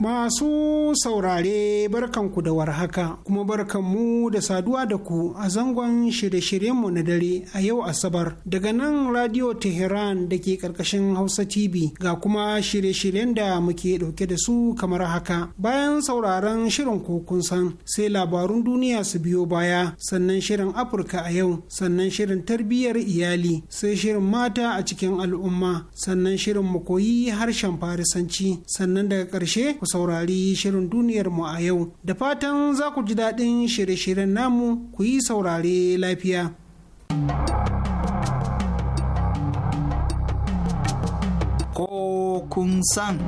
Masu saurare barkanku da warhaka kuma barkanmu da saduwa da ku a zangon shirye-shiryenmu na dare a yau Asabar daga nan Radio Tehran da ke ƙarƙashin Hausa TV ga kuma shirye-shiryen da muke ɗauke da su kamar haka. Bayan sauraron shirin kokun san sai labarun duniya su biyo baya sannan shirin Afirka a yau sannan shirin tarbiyyar iyali sai shirin mata a cikin al'umma sannan shirin mu harshen Farisanci sannan daga ƙarshe ku saurari shirin duniyar mu a yau da fatan za ku ji daɗin shirye-shiryen namu ku yi saurare lafiya. Ko kun san.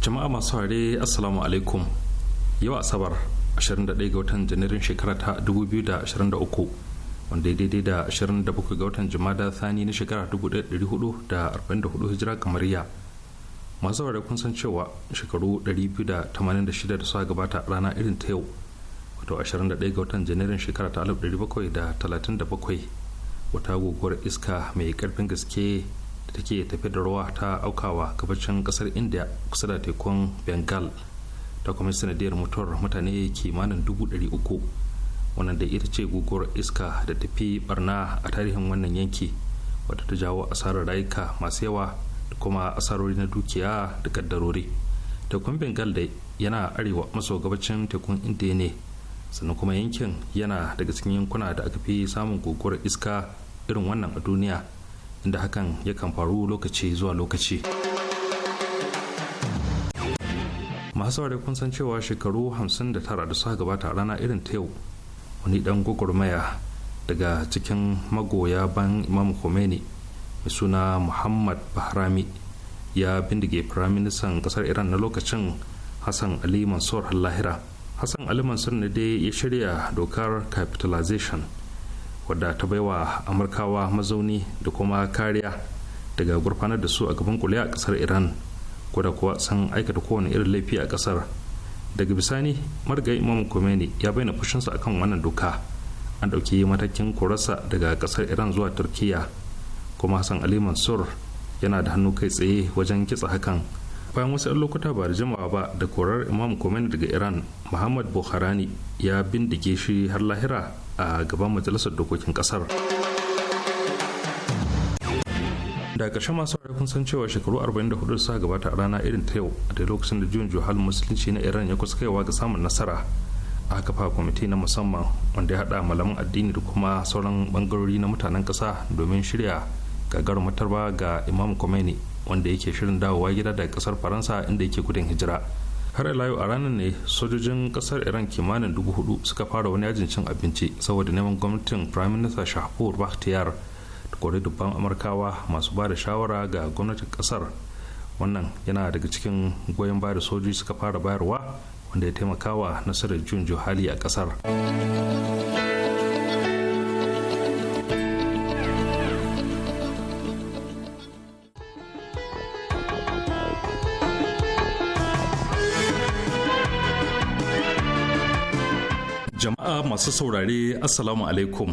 Jama'a masu hare Assalamu alaikum. Yau Asabar 21 ga watan Janairun shekara ta 2023. wanda ya daidai da 27 ga watan jumada thani na shekara 1444 hijira kamar ya masu saurare kun san cewa shekaru 286 da suka gabata rana irin ta yau wato 21 ga watan janairun shekara ta 1737 wata guguwar iska mai karfin gaske da take tafi da ruwa ta aukawa gabacin kasar india kusa da tekun bengal ta kuma sanadiyar mutuwar mutane kimanin 300 wannan da ita ce guguwar iska da tafi barna a tarihin wannan yanki wadda ta jawo asarar rayuka masu yawa da kuma asarori na dukiya da kaddarori tekun bengal da yana arewa maso gabacin tekun indiya ne sannan kuma yankin yana daga cikin yankuna da aka fi samun guguwar iska irin wannan a duniya inda hakan yakan faru lokaci zuwa lokaci masu saurari kun san cewa shekaru 59 da suka gabata rana irin ta yau wani dan gwagwarmaya daga cikin magoya ban imam khomeini mai suna muhammad bahrami ya bindige firaministan kasar iran na lokacin hassan ali mansur lahira hassan ali mansur ne dai ya shirya dokar capitalization wadda ta baiwa amurkawa mazauni da kuma kariya daga gurfanar da su a gaban kuliya a kasar iran kuwa san aikata kowane irin laifi a kasar daga bisani marga imam khomeini ya bayyana fushinsa akan wannan doka an ɗauki matakin korarsa daga ƙasar iran zuwa turkiya kuma hassan ali mansur yana da hannu kai tsaye wajen kitsa hakan bayan wasu 'yan lokuta ba da jimawa ba da korar imam khomeini daga iran muhammad buharani ya bindige shi har lahira a gaban majalisar dokokin ƙasar. da ƙarshen masu wari kun san cewa shekaru 44 suka gabata a rana irin ta yau a da lokacin da juyin juhal musulunci na iran ya kusa kaiwa ga samun nasara a kafa kwamiti na musamman wanda ya haɗa malaman addini da kuma sauran bangarori na mutanen ƙasa domin shirya gagar matarba ga imam khomeini wanda yake shirin dawowa gida daga ƙasar faransa inda yake gudun hijira har ila a ranar ne sojojin ƙasar iran kimanin dubu hudu suka fara wani yajin cin abinci saboda neman gwamnatin prime minister shahpur bakhtiyar kori dubban amurkawa masu ba da shawara ga gwamnatin kasar wannan yana daga cikin goyon ba da sojoji suka fara bayarwa wanda ya taimakawa nasarar jun hali a kasar jama'a masu saurare assalamu alaikum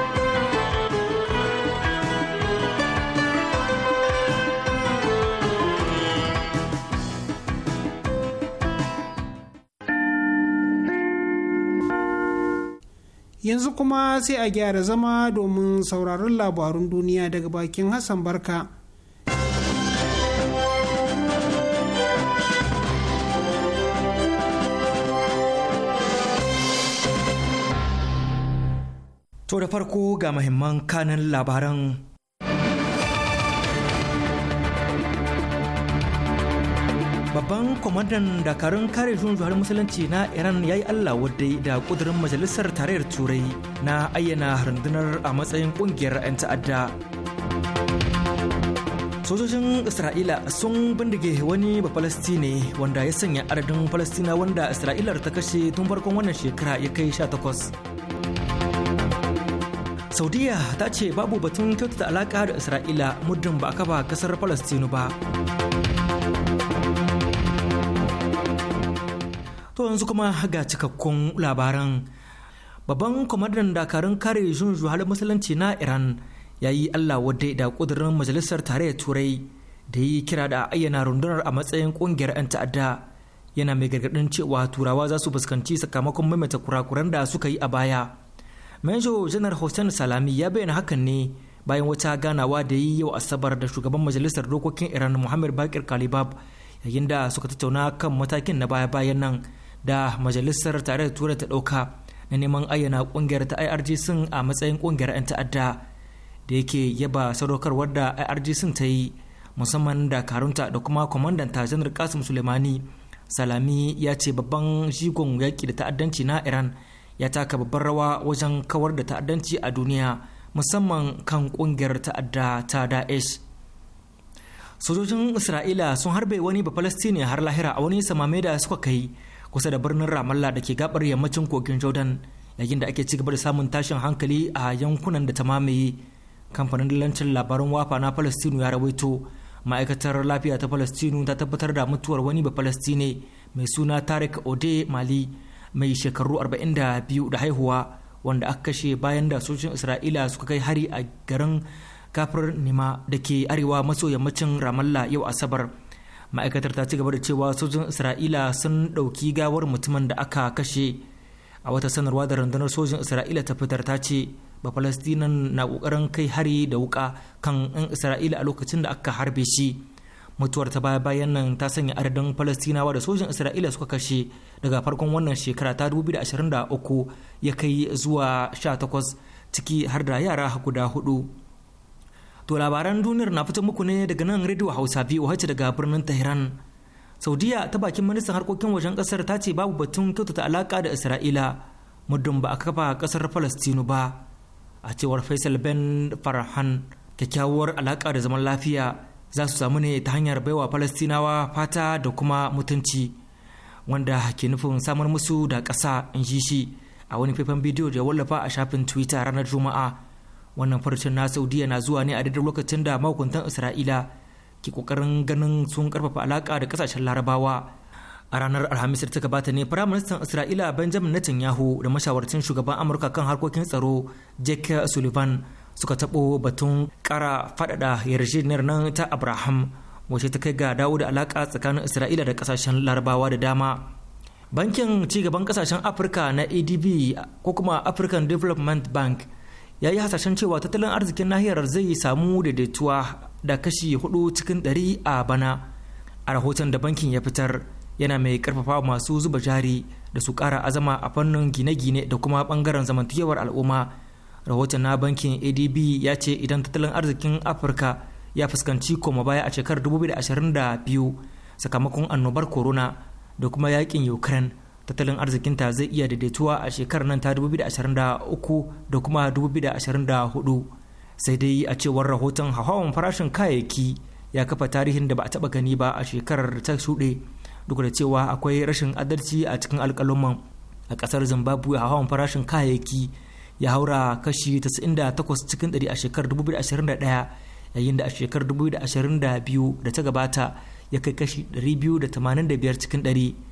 yanzu kuma sai a gyara zama domin sauraron labarun duniya daga bakin hassan barka to da farko ga mahimman kanan labaran babban kwamandan dakarun kare jun musulunci na iran ya yi allah wadai da kudurin majalisar tarayyar turai na ayyana rundunar a matsayin kungiyar 'yan ta'adda sojojin isra'ila sun bindige wani bafalastine wanda ya sanya adadin falastina wanda isra'ilar ta kashe tun farkon wannan shekara ya kai sha takwas. saudiya ta ce babu batun kyautata alaka da isra'ila muddin ba a kafa kasar falastinu ba To yanzu kuma ga cikakkun labaran. Babban kwamandan dakarun kare junju halin musulunci na Iran ya yi Allah wadda da kudurin majalisar tarayyar turai da yi kira da ayyana rundunar a matsayin kungiyar 'yan ta'adda yana mai gargadin cewa turawa za su fuskanci sakamakon maimaita kurakuran da suka yi a baya. Manjo janar Hussein Salami ya bayyana hakan ne bayan wata ganawa da yi yau asabar da shugaban majalisar dokokin Iran Muhammad Bakir Kalibab yayin da suka tattauna kan matakin na baya-bayan nan da majalisar tare da turai ta ɗauka na neman ayyana kungiyar ta irgc a matsayin ƙungiyar 'yan ta'adda da yake yaba sadaukarwar da irgc ta yi musamman dakarunta da kuma ta janar kasim sulemani salami ya ce babban jigon yaƙi da ta'addanci na iran ya taka babbar rawa wajen kawar da ta'addanci a duniya musamman kan ƙungiyar ta'adda ta daesh sojojin isra'ila sun harbe wani bafalastini har lahira a wani samame da suka kai kusa da birnin ramalla da ke gabar yammacin kogin jordan yayin da ake cigaba da samun tashin hankali a yankunan da ta mamaye kamfanin dillancin labaran wafa na palestinu ya rawaito ma'aikatar lafiya ta palestinu ta tabbatar da mutuwar wani ba palestine mai suna tarik ode mali mai shekaru 42 da haihuwa wanda aka kashe bayan da sojin isra'ila suka kai hari a garin kafir nima da ke arewa maso yammacin ramalla yau asabar ma'aikatar ta ci gaba da cewa sojin isra'ila sun ɗauki gawar mutumin da aka kashe a wata sanarwa da rundunar sojin isra'ila ta fitar ta ce ba bafalastinan na kokarin kai hari da wuka kan in isra'ila a lokacin da aka harbe shi mutuwar ta baya bayan nan ta sanya adadin falastinawa da sojin isra'ila suka kashe daga farkon wannan shekara ta 2023 ya kai zuwa 18 ciki har da yara guda hudu To labaran duniyar na fita muku ne daga nan Radio Hausa biyu wacce daga birnin Tehran. Saudiya ta bakin ministan harkokin wajen kasar ta ce babu batun kyautata alaka da Isra'ila muddin ba a kafa kasar Falastinu ba. A cewar Faisal Ben Farhan kyakkyawar alaka da zaman lafiya za su samu ne ta hanyar baiwa Falastinawa fata da kuma mutunci wanda ke nufin samar musu da ƙasa in shi a wani faifan bidiyo da wallafa a shafin Twitter ranar Juma'a. wannan farcen na saudiya na zuwa ne a daidai lokacin da mahukuntan isra'ila ke kokarin ganin sun karfafa alaka da kasashen larabawa a ranar alhamis ta gabata ne firaministan isra'ila benjamin netanyahu da mashawarcin shugaban amurka kan harkokin tsaro jake sullivan suka taɓo batun ƙara faɗaɗa yarjejeniyar nan ta abraham wacce ta kai ga dawo da alaka tsakanin isra'ila da kasashen larabawa da dama bankin cigaban kasashen afirka na adb ko kuma african development bank ya yi hasashen cewa tattalin arzikin nahiyar zai samu daidaituwa da kashi hudu cikin ɗari a bana a rahoton da bankin ya fitar yana mai karfafa masu zuba jari da su kara azama a fannin gine-gine da kuma bangaren zamantakewar al'umma rahoton na bankin adb ya ce idan tattalin arzikin afirka ya fuskanci koma baya a shekarar 2022 sakamakon annobar corona da kuma yakin ukraine tattalin arzikinta zai iya daidaituwa a shekarar nan ta 2023 da kuma 2024 sai dai a cewar rahoton hauhawan farashin kayayyaki ya kafa tarihin da ba a taba gani ba a shekarar ta shuɗe duk da cewa akwai rashin adalci a cikin alƙaluman a ƙasar zimbabwe hauhawan farashin kayayyaki ya haura kashi 98 cikin 100 a shekarar 2021 yayin da a shekarar 2022 da ta gabata ya kai kashi 285 cikin 100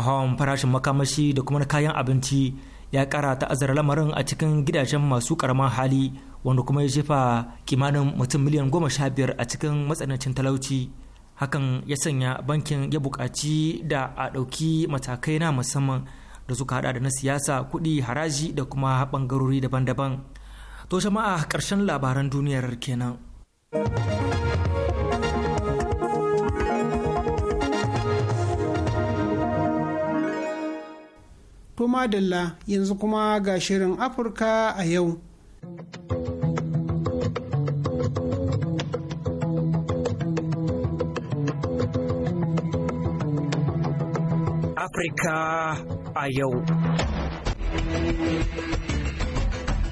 hawan farashin makamashi da kuma na kayan abinci ya kara ta'azzara lamarin a cikin gidajen masu karaman hali wanda kuma ya jefa kimanin mutum miliyan goma sha biyar a cikin matsanancin talauci hakan ya sanya bankin ya bukaci da a ɗauki matakai na musamman da suka hada da na siyasa kuɗi haraji da kuma bangarori daban-daban to jama'a karshen labaran duniyar kenan. To madalla yanzu kuma ga shirin Afirka a yau. Afirka a yau.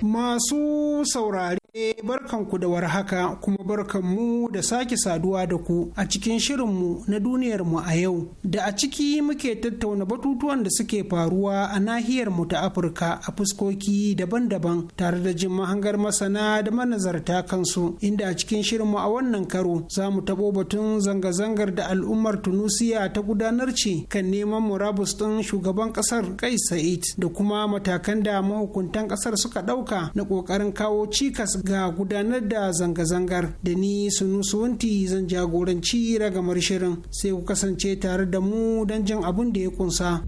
Masu saurari E barkanku da warhaka kuma barkanmu da sake saduwa da ku a cikin shirinmu na duniyarmu a yau da a ciki muke tattauna batutuwan da suke faruwa a nahiyarmu ta Afirka a fuskoki daban-daban tare da jin mahangar masana da manazarta kansu inda a cikin shirinmu a wannan karo za mu tabo batun zanga-zangar da al'ummar Tunusiya ta gudanar ce kan neman murabus ɗin shugaban ƙasar Kais Sa'id da kuma matakan da mahukuntan ƙasar suka ɗauka na ƙoƙarin kawo cikas ga gudanar da zanga-zangar da ni sunusuwanti zan jagoranci ragamar shirin sai ku kasance tare da mu don jin abin da ya kunsa.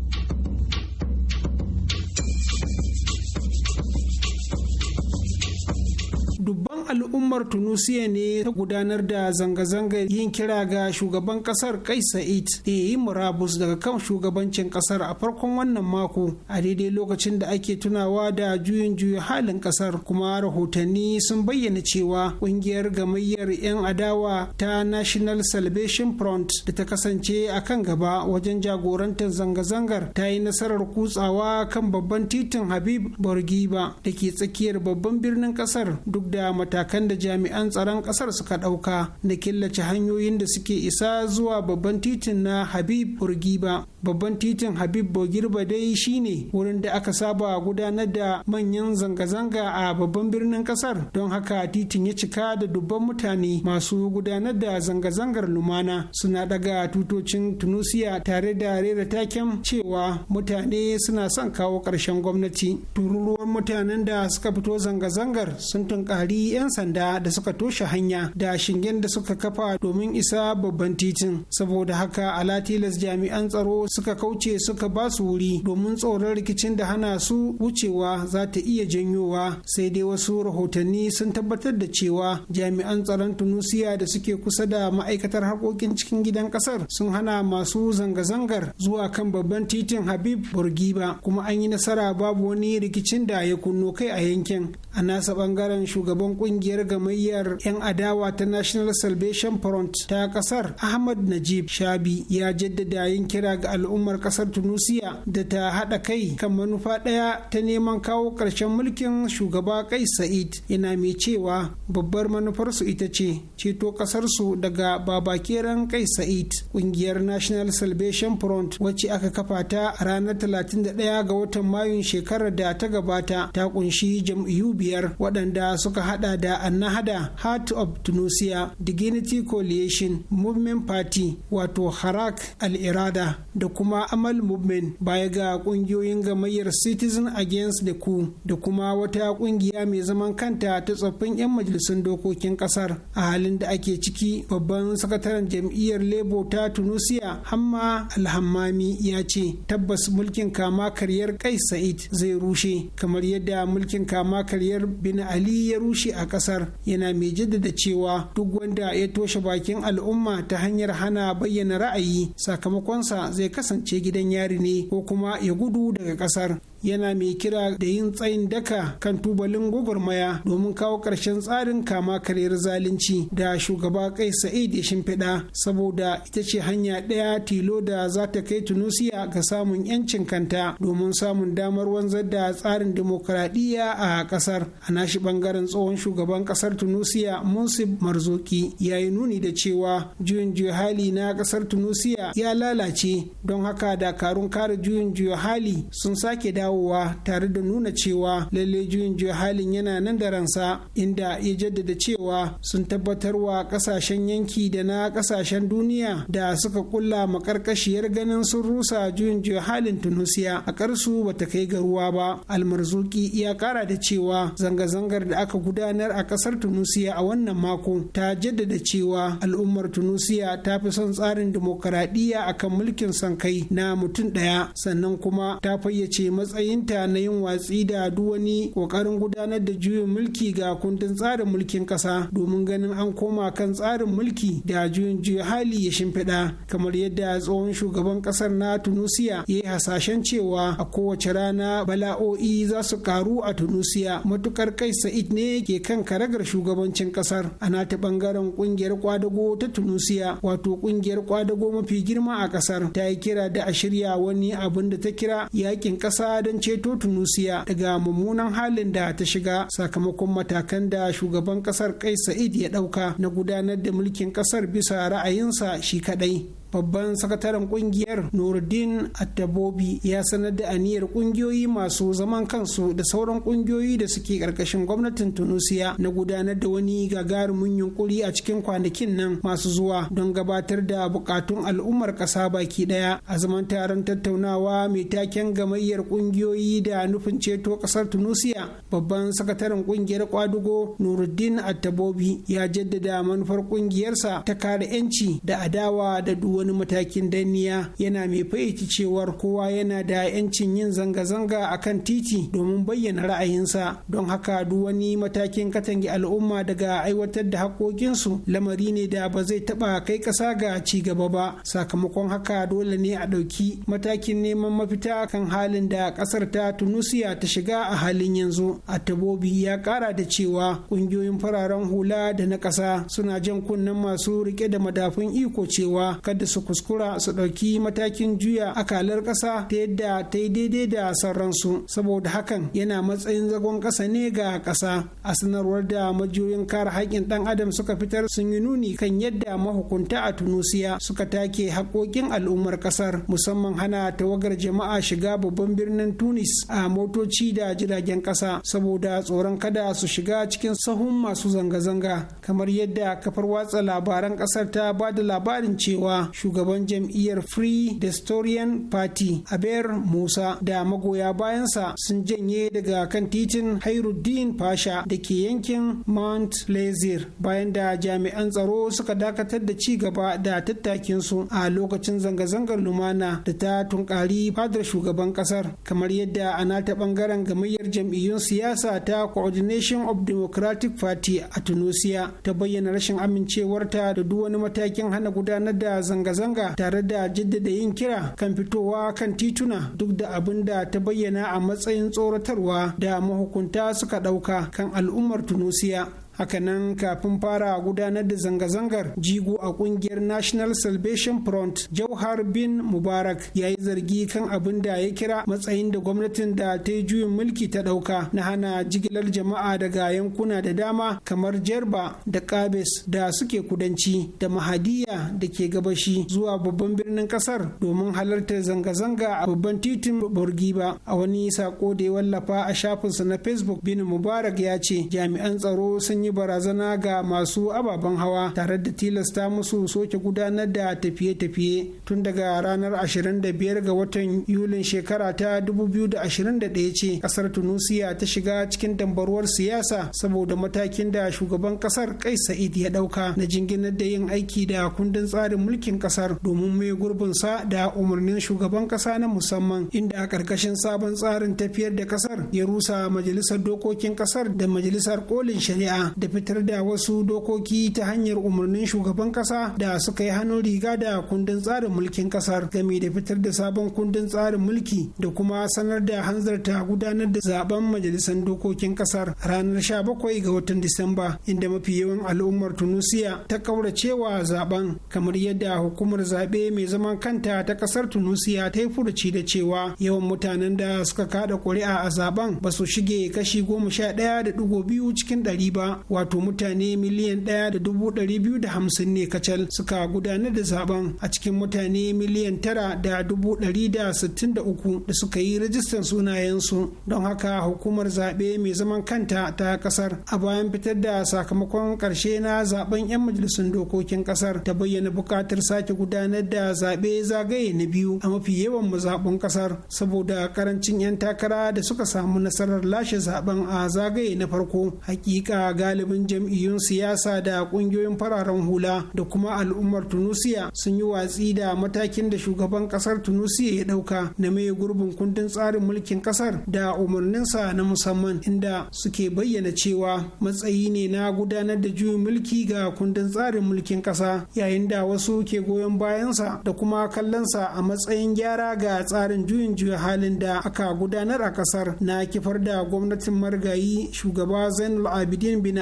hukumar tunisia ne ta gudanar da zanga-zangar yin kira ga shugaban kasar kai sa'id da yi murabus daga kan shugabancin kasar a farkon wannan mako a daidai lokacin da ake tunawa da juyin juyin halin kasar kuma rahotanni sun bayyana cewa kungiyar gamayyar 'yan adawa ta national salvation front da ta kasance a kan gaba wajen jagorantar zanga-zangar ta yi nasarar kutsawa kan babban titin habib borgiba da ke tsakiyar babban birnin kasar duk da matakan da jami'an tsaron kasar suka ɗauka na killace hanyoyin da suke isa zuwa babban titin na habib burgiba babban titin habib burgiba dai shine wurin da aka saba gudanar da manyan zanga-zanga a babban birnin kasar don haka titin ya cika da dubban mutane masu gudanar da zanga-zangar lumana suna daga tutocin tunusiya tare da rera taken cewa mutane suna son kawo ƙarshen gwamnati tururuwar mutanen da suka fito zanga-zangar sun tunkari 'yan sanda da suka toshe hanya da shingen da suka kafa domin isa babban titin saboda haka alatilas jami'an tsaro suka kauce suka ba su wuri domin tsoron rikicin da hana su wucewa za ta iya janyowa sai dai wasu rahotanni sun tabbatar da cewa jami'an tsaron tunusiya da suke kusa da ma'aikatar harkokin cikin gidan kasar sun hana masu zanga-zangar zuwa kan babban titin habib burgiba kuma an yi nasara babu wani rikicin da ya kunno kai a yankin a nasa bangaren shugaban kungiyar gam gamayyar 'yan adawa ta national salvation front ta kasar ahmad najib shabi ya jaddada yin kira ga al'ummar kasar tunisia da ta haɗa kai kan manufa ɗaya ta neman kawo ƙarshen mulkin shugaba kai sa'id yana mai cewa babbar manufarsu ita ce ceto ƙasarsu daga babakeren kai sa'id ƙungiyar national salvation front wacce aka kafa ta ranar 31 ga watan mayun shekarar da ta gabata ta kunshi jam'iyyu biyar waɗanda suka haɗa da na hada heart of tunisia dignity coalition movement party wato harak al-irada da kuma amal movement baya ga kungiyoyin gamayyar citizen against the Ku. da kuma wata kungiya mai zaman kanta ta tsoffin 'yan majalisun dokokin kasar a halin da ake ciki babban sakataren jam'iyyar labour ta tunisia hamma alhammami ya ce tabbas mulkin kama karyar kai sa'id zai rushe kamar yadda mulkin kama karyar bin ali ya rushe a kasar yana mai jaddada cewa duk wanda ya toshe bakin al'umma ta hanyar hana bayyana ra'ayi sakamakonsa zai kasance gidan yari ne ko kuma ya gudu daga kasar yana mai kira da yin tsayin daka kan tubalin gwagwarmaya domin kawo ƙarshen tsarin kama karyar zalunci da shugaba kai sa'id ya shimfiɗa saboda ita ce hanya ɗaya tilo da za ta kai tunusiya ga samun yancin kanta domin samun damar wanzar da tsarin dimokuraɗiyya a ƙasar a nashi ɓangaren tsohon shugaban ƙasar tunusiya musib marzoki ya yi nuni da cewa juyin juya hali na ƙasar tunusiya ya lalace don haka dakarun kare juyin juya hali sun sake dawo dawowa tare da nuna cewa lalle juyin juya halin yana nan da ransa inda ya jaddada cewa sun tabbatar wa kasashen yanki da na kasashen duniya da suka kulla makarkashiyar ganin sun rusa juyin juya halin tunusiya a karsu bata kai ga ruwa ba almarzuki ya kara da cewa zanga-zangar da aka gudanar a kasar tunusiya a wannan mako ta jaddada cewa al'ummar tunusiya ta fi son tsarin dimokuraɗiyya akan mulkin sankai na mutum ɗaya sannan kuma ta fayyace matsayin matsayinta na yin watsi da duk wani ƙoƙarin gudanar da juyin mulki ga kundin tsarin mulkin kasa domin ganin an koma kan tsarin mulki da juyin juya hali ya shimfiɗa kamar yadda tsohon shugaban ƙasar na tunusiya ya yi hasashen cewa a kowace rana bala'o'i za su karu a tunusiya matukar kai sa'id ne ke kan karagar shugabancin ƙasar ana ta ɓangaren ƙungiyar kwadago ta tunusiya wato ƙungiyar kwadago mafi girma a ƙasar ta yi kira da a shirya wani abin da ta kira yakin ƙasa da don ceto tunusiya daga mummunan halin da ta shiga sakamakon matakan da shugaban kasar kai sa'id ya dauka na gudanar da mulkin kasar bisa ra'ayinsa shi kaɗai babban sakataren kungiyar nuruddin attabobi ya sanar da aniyar kungiyoyi masu zaman kansu da sauran kungiyoyi da suke karkashin gwamnatin tunisia na gudanar da wani gagarumin yunkuri a cikin kwanakin nan masu zuwa don gabatar da bukatun al'ummar kasa baki daya a zaman taron tattaunawa mai taken gamayyar kungiyoyi da nufin ceto kasar tunisia babban sakataren kungiyar kwadugo nuruddin attabobi ya jaddada manufar kungiyarsa ta kare 'yanci da adawa da duwa wani matakin danniya yana mai faici cewar kowa yana da 'yancin yin zanga-zanga a kan titi domin bayyana ra'ayinsa don haka duk wani matakin katange al'umma daga aiwatar da haƙoƙinsu lamari ne da ba zai taɓa kai ƙasa ga ci gaba ba sakamakon haka dole ne a ɗauki matakin neman mafita kan halin da ƙasar ta tunusiya ta shiga a halin yanzu tabobi ya ƙara da cewa ƙungiyoyin fararen hula da na ƙasa suna jan kunnen masu rike da madafun iko cewa kada su kuskura su ɗauki matakin juya akalar ƙasa ta yadda ta yi daidai da sauransu saboda hakan yana matsayin zagon ƙasa ne ga ƙasa a sanarwar da majiyoyin kare haƙƙin ɗan adam suka fitar sun yi nuni kan yadda mahukunta a tunusiya suka take haƙoƙin al'ummar ƙasar musamman hana tawagar jama'a shiga babban birnin tunis a motoci da jiragen ƙasa saboda tsoron kada su shiga cikin sahun masu zanga-zanga kamar yadda kafar watsa labaran ƙasar ta ba da labarin cewa shugaban jam'iyyar free destorian party aber musa da magoya bayansa sun janye daga kan titin hairuddin pasha da ke yankin mount lazier bayan da jami'an tsaro suka dakatar da ci gaba da tattakinsu a lokacin zanga-zangar lumana da ta tunkari fadar shugaban kasar kamar yadda a nata bangaren gamayyar jam'iyyun siyasa ta coordination of democratic party a tunisia ta bayyana rashin amincewarta da duk wani matakin hana gudanar da zanga zanga-zanga tare da jaddada yin kira kan fitowa kan tituna duk da abin da ta bayyana a matsayin tsoratarwa da mahukunta suka ɗauka kan al'ummar tunusiya hakanan kafin fara gudanar da zanga-zangar jigo a kungiyar national salvation front jauhar bin mubarak ya yi zargi kan abin da ya kira matsayin da gwamnatin da ta yi juyin mulki ta ɗauka na hana jigilar jama'a daga yankuna da dama kamar jerba da kabes da suke kudanci da mahadiya da ke gabashi zuwa babban birnin kasar domin halartar zanga-zanga a babban titin ba a wani sako da ya wallafa a shafinsa na facebook bin mubarak ya ce jami'an tsaro sun sun yi barazana ga masu ababen hawa tare da tilasta musu soke gudanar da tafiye-tafiye tun daga ranar 25 ga watan yulin shekara ta 2021 ce kasar tunusiya ta shiga cikin dambarwar siyasa saboda matakin da shugaban kasar kai sa'id ya dauka na jinginar da yin aiki da kundin tsarin mulkin kasar domin mai gurbinsa da umarnin shugaban kasa na musamman inda a ƙarƙashin sabon tsarin tafiyar da kasar ya rusa majalisar dokokin kasar da majalisar kolin shari'a da fitar da wasu dokoki ta hanyar umarnin shugaban kasa da suka yi hannun riga da kundin tsarin mulkin kasar game da fitar da sabon kundin tsarin mulki da kuma sanar da hanzarta gudanar da zaben majalisar dokokin kasar ranar 17 ga watan disamba inda mafi yawan al'ummar tunusiya ta kauracewa zaben kamar yadda hukumar zaɓe mai zaman kanta ta kasar tunusiya ta yi furuci da cewa yawan mutanen da suka kada ƙuri'a a zaben ba su shige kashi goma sha ɗaya da ɗigo biyu cikin ɗari ba wato mutane miliyan ɗaya da dubu ɗari biyu da hamsin ne kacal suka gudanar da zaben a cikin mutane miliyan tara da dubu ɗari da sittin da uku da suka yi rajistan sunayensu don haka hukumar zaɓe mai zaman kanta ta ƙasar a bayan fitar da sakamakon ƙarshe na zaben 'yan majalisun dokokin ƙasar ta bayyana buƙatar sake gudanar da zaɓe zagaye na biyu a mafi yawan mazaɓun ƙasar saboda ƙarancin 'yan takara da suka samu nasarar lashe zaben a zagaye na farko hakika ga galibin jam'iyyun siyasa da kungiyoyin fararen hula da kuma al'ummar tunusiya sun yi watsi da matakin da shugaban kasar tunusiya ya dauka na mai gurbin kundin tsarin mulkin kasar da umarninsa na musamman inda suke bayyana cewa matsayi ne na gudanar da juyin mulki ga kundin tsarin mulkin kasa yayin da wasu ke goyon bayansa da kuma kallonsa a matsayin gyara ga tsarin juyin juya halin da aka gudanar a kasar na kifar da gwamnatin marigayi shugaba zainul abidin bin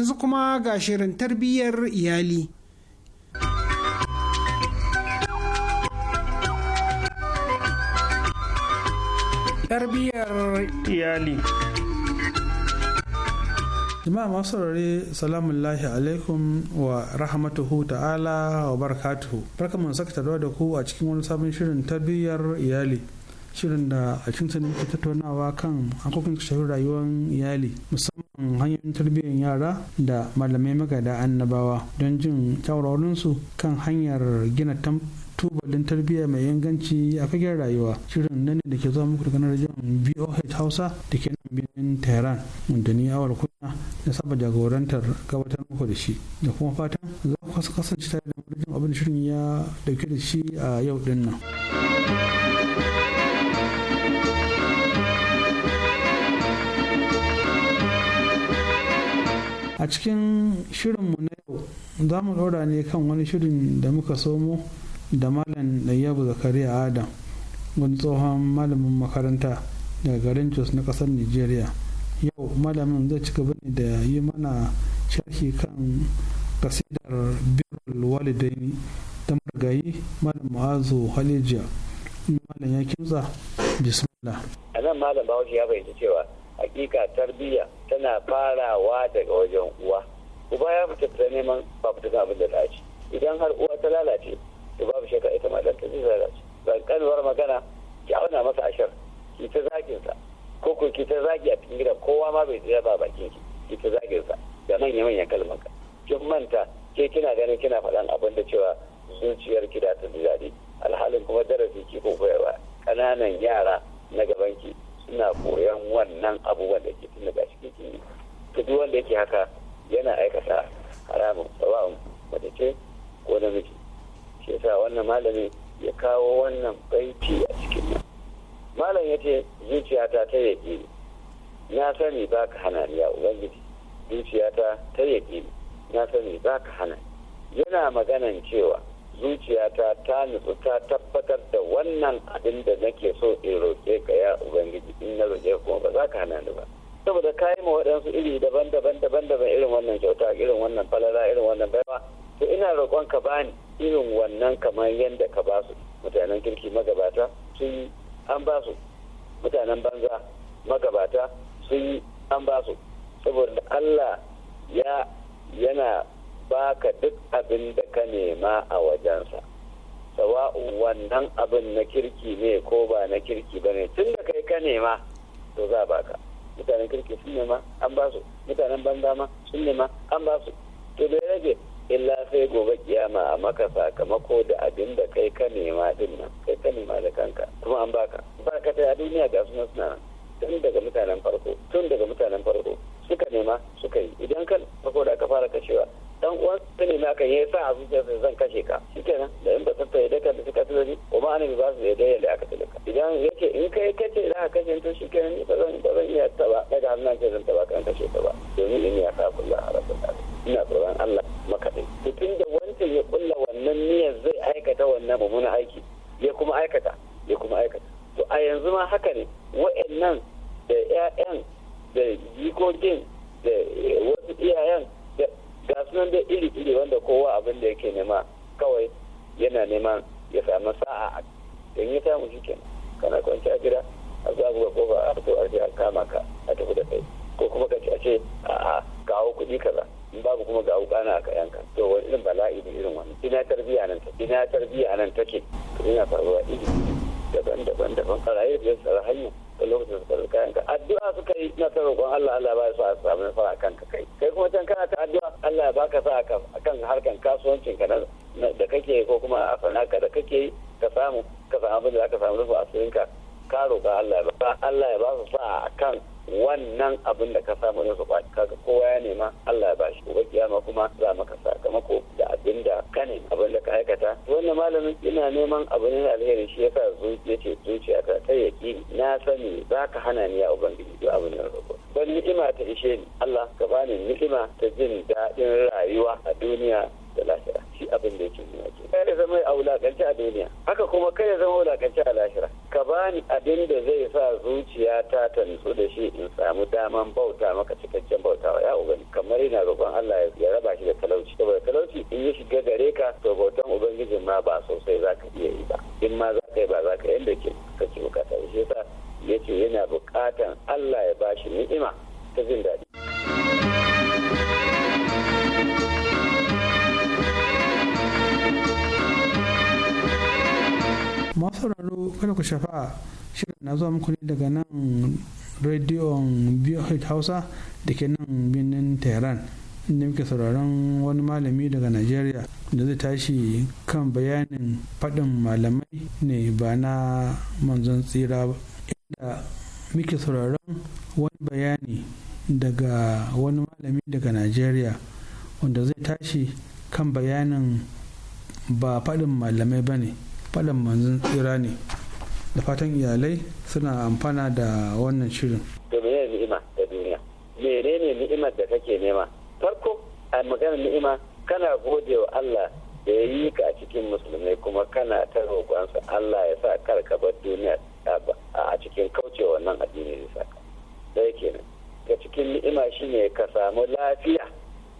yanzu kuma ga shirin tarbiyyar iyali. Tarbiyyar iyali. jama'a masu saurare salamun lahi alaikum wa rahmatuhu ta'ala wa barakatuhu barkamu saka da ku a cikin wani sabon shirin tarbiyyar iyali shirin da a cikin sanin ke tattaunawa kan hankokin shafi rayuwar iyali musamman hanyoyin tarbiyyar yara da malamai magada annabawa don jin shawarwarinsu kan hanyar gina tubalin tarbiyya mai inganci a fagen rayuwa shirin nan da ke zuwa muku daga rajon boh hausa da ke nan birnin tehran wanda ni awar kuna da saba jagorantar gabatar muku da shi da kuma fatan za ku kasance tare da rajon abin shirin ya dauke da shi a yau din nan. a cikin shirinmu na yau za mu ɗora ne kan wani shirin da muka somo da malam Zakari a adam wani tsohon malamin makaranta daga garin jos na ƙasar nigeria yau malamin zai ci gaba ne da yi mana sharhi kan kasidar birul walidaini ta margayi malam ma'azu halijiya malam ya kimsa bismillah a nan malam bahaushe ya fahimci cewa hakika tarbiyya tana farawa daga wajen uwa uba ya fita ta neman ba fita abin da ta ci idan har uwa ta lalace to babu shakka ita ma dan ta zai lalace ban kanuwar magana ki auna masa ashar ki ta zakin sa ko ko ki ta zagi a cikin gidan kowa ma bai tsaya ba bakin ki ki ta zagin sa da manya manyan kalmanka kin manta ke kina ganin kina faɗan abin da cewa zuciyar ki da ta ji daɗi alhalin kuma darasi ki ko koyarwa ƙananan yara na gaban ki suna koyon wannan abubuwan da ke tuna ga cikin jini ta duk wanda yake haka yana aikata haramun tsawon mace ce ko namiji shi yasa wannan malami ya kawo wannan baiti a cikin nan malam ya ce zuciyata ta yaƙi na sani ba ka hana ni ya ubangiji zuciyata ta yaƙi na sani ba ka hana yana maganan cewa zuciyata ta nutsu ta tabbatar da wannan abin da nake so in roƙe ka ya ubangiji in na roƙe kuma ba za ka hana ni ba saboda ka yi ma waɗansu iri daban-daban daban-daban irin wannan kyauta irin wannan falala irin wannan baiwa to ina roƙon ka bani irin wannan kamar yadda ka ba su mutanen kirki magabata sun yi an ba su mutanen banza magabata sun yi an ba su saboda Allah ya yana baka duk abin da ka nema a wajensa sawa'un wannan abin na kirki ne ko ba na kirki ba ne tun da kai ka nema to za baka mutanen kirki sun nema an ba su mutanen banza ma sun nema an ba su to bai rage illa sai gobe kiyama a maka sakamako da abin da kai ka nema din nan kai ka nema da kanka kuma an baka ka ta duniya ga suna suna tun daga mutanen farko tun daga mutanen farko suka nema suka yi ya sa a zuciyarsa zan kashe ka shi kenan da in ba ta ya daka da suka tuzo ni ko ma ne ba su da ya da aka idan ya ce in kai kace za ka kashe to shi ya shiga gare ka to bautan ubangijin ma ba sosai za ka iya yi ba in ma za ka yi ba za ka yanda ke ka ci bukata shi yasa ya ce yana bukatan Allah ya bashi ni'ima ta jin daɗi. masu raro kada ku shafa shirin na zuwa muku ne daga nan rediyon biyu hausa da ke nan birnin tehran inda muke sauraron wani malami daga najeriya da zai tashi kan bayanin faɗin malamai ne ba na manzon tsira ba inda muke sauraron wani bayani daga wani malami daga najeriya wanda zai tashi kan bayanin ba faɗin malamai ba ne faɗin manzon tsira ne da fatan iyalai suna amfana da wannan shirin. da ni'ima da duniya ne ni'imar da kake nema farko a magana ni'ima kana gode wa Allah da ya yi ka a cikin musulmai kuma kana ta roƙonsa Allah ya sa kar ka bar duniya a cikin kauce wannan addini da saka da yake nan ka cikin ni'ima shine ka samu lafiya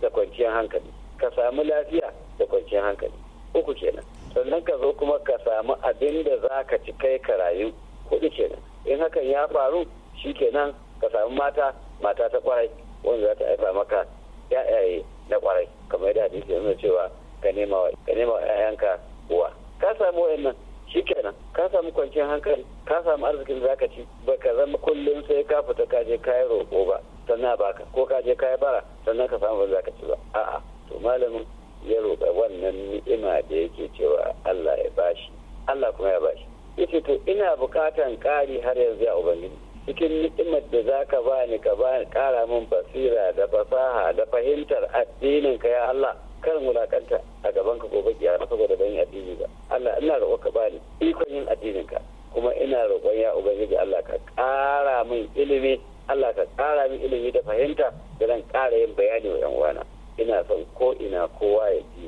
da kwanciyar hankali ka samu lafiya da kwanciyar hankali uku kenan sannan ka zo kuma ka samu abin da za ka ci kai ka rayu kuɗi kenan in hakan ya faru shi kenan ka samu mata mata ta kwarai wanda za ta haifa maka yayaye na kwarai kamar yadda hadisi nuna cewa ka nema wa ka yayanka uwa ka samu wayannan shikenan ka samu kwanciyar hankali ka samu arzikin zaka ci ka zama kullum sai ka fita ka je roƙo ba sannan baka ko ka je bara sannan ka samu ba zaka ci ba a'a to malamin ya roƙa wannan ni'ima da yake cewa Allah ya bashi Allah kuma ya bashi yace to ina bukatan ƙari har yanzu ya ubangiji cikin ni'imar da za ka ba ni ka ba kara min basira da fasaha da fahimtar addinin ka ya Allah kar mulakanta a gaban ka gobe kiyama saboda ban yi addini ba Allah ina roƙo ka bani ikon yin addinin ka kuma ina roƙon ya ubangiji Allah ka kara min ilimi Allah ka kara min ilimi da fahimta da zan kara yin bayani wa yan uwana ina son ko ina kowa ya ji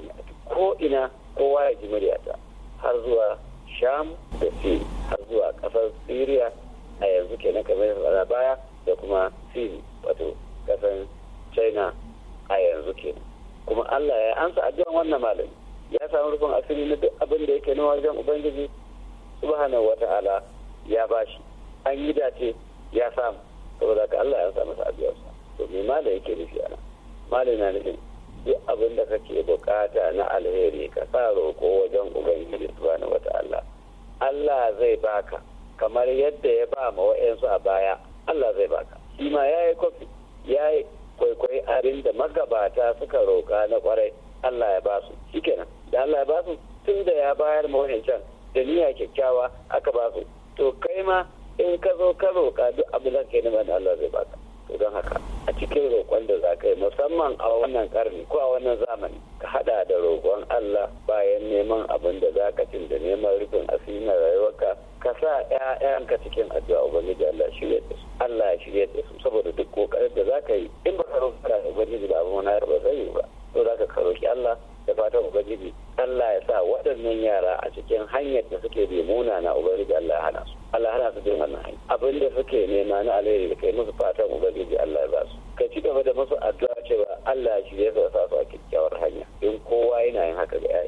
ko ina kowa ya ji muryata har zuwa Sham da fi har zuwa kasar siriya. a yanzu kenan kamar yadda baya da kuma sin wato kasan china a yanzu kenan kuma allah ya ansa addu'an wannan malami ya samu rufin asiri na duk abin da yake na wajen ubangiji subhanahu ta'ala ya bashi an yi dace ya samu saboda ka allah ya sa masa addu'arsa to me malam yake nufi ana malam na nufin duk abin da kake bukata na alheri ka sa roƙo wajen ubangiji subhanahu ta'ala allah zai baka kamar yadda ya ba ma wa'yansu a baya Allah zai baka shi ma ya yi kofi ya yi kwaikwai abin da magabata suka roƙa na kwarai Allah ya ba su shikenan da Allah ya ba su tun da ya bayar ma wa'yancan da niyya kyakkyawa aka ba su to kai ma in ka zo ka roƙa duk abin da ka yi Allah zai baka to don haka a cikin roƙon da za ka yi musamman a wannan karni ko a wannan zamani ka haɗa da roƙon Allah bayan neman abin da za ka cin da neman rufin asirin rayuwarka ka sa ƴaƴanka cikin addu'a ubangiji Allah shirya da su Allah ya shirya da su saboda duk kokarin da za ka yi in ba ka roƙa ubangiji ba abin wani ba zai yi ba to za ka roƙi Allah da fatan ubangiji Allah ya sa waɗannan yara a cikin hanyar da suke bi munana ubangiji Allah ya hana su Allah ya hana su bin wannan hanya abin da suke nema na alheri da kai musu fatan ubangiji Allah ya ba su ka ci gaba da musu addu'a cewa Allah ya shirya su sa su a kyakkyawar hanya in kowa yana yin haka ga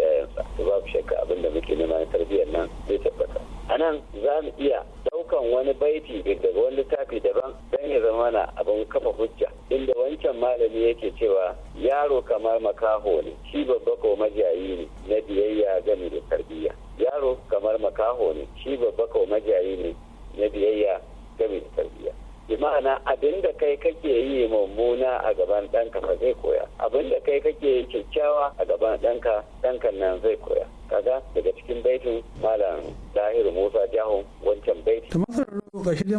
nan za mu iya daukan wani baiti daga wani littafi daban don ya zama na abin kafa hujja inda wancan malami yake cewa yaro kamar makaho ne shi babba ko majayi ne na biyayya gami da tarbiyya yaro kamar makaho ne shi babba ko majayi ne na biyayya gami da tarbiyya bi ma'ana abin da kai kake yi mummuna a gaban ɗanka ba zai koya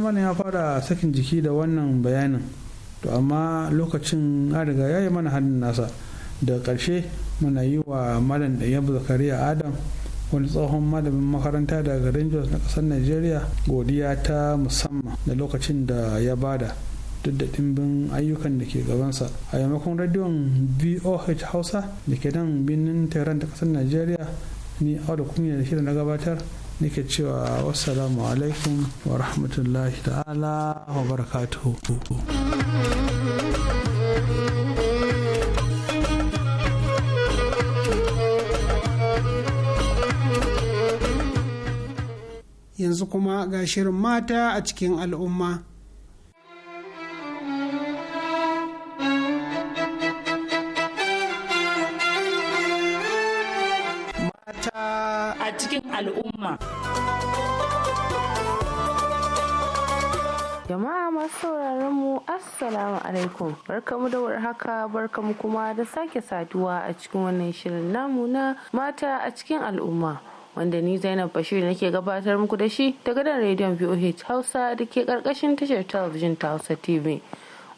mana ya fara sakin jiki da wannan bayanin to amma lokacin an riga ya yi mana hannun nasa da karshe muna yi wa malam da yabu zakariya adam wani tsohon malamin makaranta daga jos na ƙasar nigeria godiya ta musamman da lokacin da ya bada duk da ɗimbin ayyukan da ke gabansa a yamakon rediyon boh hausa da ke nan birnin tehran ta ƙasar nigeria ni da kunya da shirin na gabatar nake cewa wasalamu alaikum wa rahmatullahi ta'ala wa barakatuhu yanzu kuma ga shirin mata a cikin al'umma cikin al'umma. Jama'a masu sauraron mu Assalamu alaikum barkamu da warhaka barkamu kuma da sake saduwa a cikin wannan shirin namu na mata a cikin al'umma. wanda ni Zainab Bashir nake gabatar muku da shi ta gadon rediyon VOH Hausa da ke karkashin tashar talabijin ta Hausa TV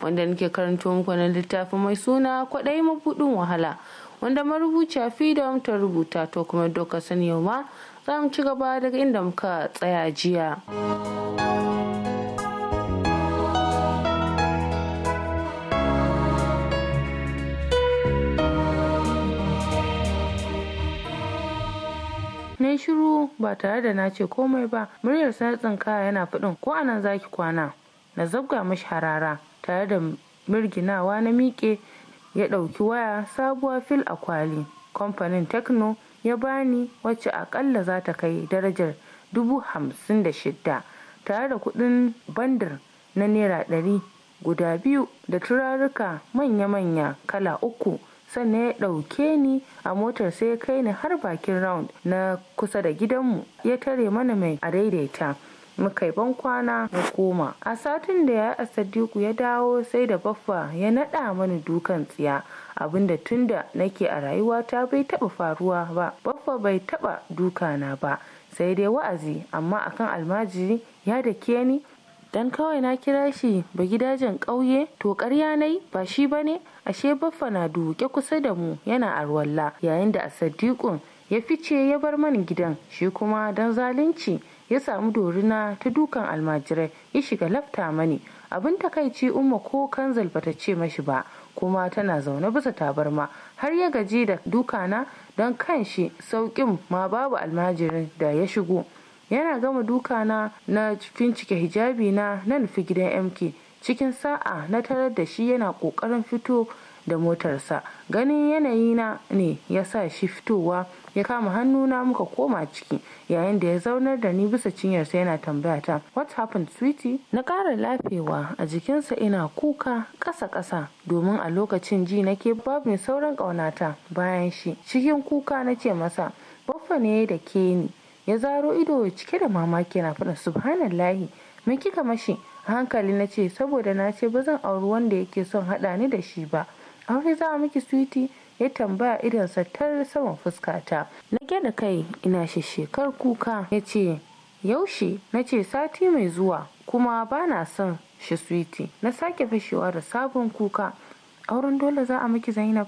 wanda nake karanto muku na littafin mai suna kwaɗayi mabuɗin wahala wanda marubuciya freedom ta rubuta to kuma doka sani yau ma za mu ci gaba daga inda muka tsaya jiya. ne shiru ba tare da nace komai ba muryar sanatsin kaya yana faɗin ko anan zaki kwana na zabga mashi harara tare da mirginawa na miƙe ya ɗauki waya sabuwa fil a kwali kamfanin tekno ya bani wacce akalla za ta kai darajar dubu hamsin da shidda tare da kuɗin bandar na naira ɗari guda biyu da turaruka manya-manya kala uku sannan ya ɗauke ni a motar sai ya kai ni har bakin round na kusa da gidanmu ya tare mana mai a daidaita muka yi ban kwana na koma a satin da ya sadiku ya dawo sai da baffa ya naɗa mani dukan tsiya abinda tunda nake a rayuwa ta bai taba faruwa ba baffa bai taɓa na ba sai dai wa'azi amma akan almajiri ya da ni dan kawai na kira shi ba gidajen ƙauye to ƙarya nai ba shi ba ne ashe baffa na duke kusa da mu yana arwalla yayin da asadikun ya fice ya bar mani gidan shi kuma don zalunci ya samu dorina ta dukan almajirai ya shiga lafta mani abin takaici umma ko kanzal bata ce mashi ba kuma tana zaune bisa tabarma har ya gaji da dukana don kan shi sauƙin ma babu almajirin da ya shigo yana gama dukana na fincike hijabi na na fi gidan mk cikin sa'a na tarar da shi yana ƙoƙarin fito da motarsa ganin yanayi na ne ya sa shi fitowa ya kama hannuna muka koma ciki yayin da ya zaunar da ni bisa cinyarsa yana tambaya ta what happened sweetie na ƙara lafewa a jikinsa ina kuka ƙasa-ƙasa domin a lokacin ji nake babu sauran ƙaunata bayan shi cikin kuka na ce masa baffa ne da ke ni ya zaro ido cike da mamaki na faɗin subhanallahi me kika mashi hankali na ce saboda nace, ce ba zan auri wanda yake son haɗa ni da shi ba an fi za miki switi ya tambaya idansa tar saman fuskata na gyada kai ina shekar kuka ya ce yaushe na ce sati mai zuwa kuma ba na son shi switi na sake fashewa da sabon kuka auren dole za a miki zainab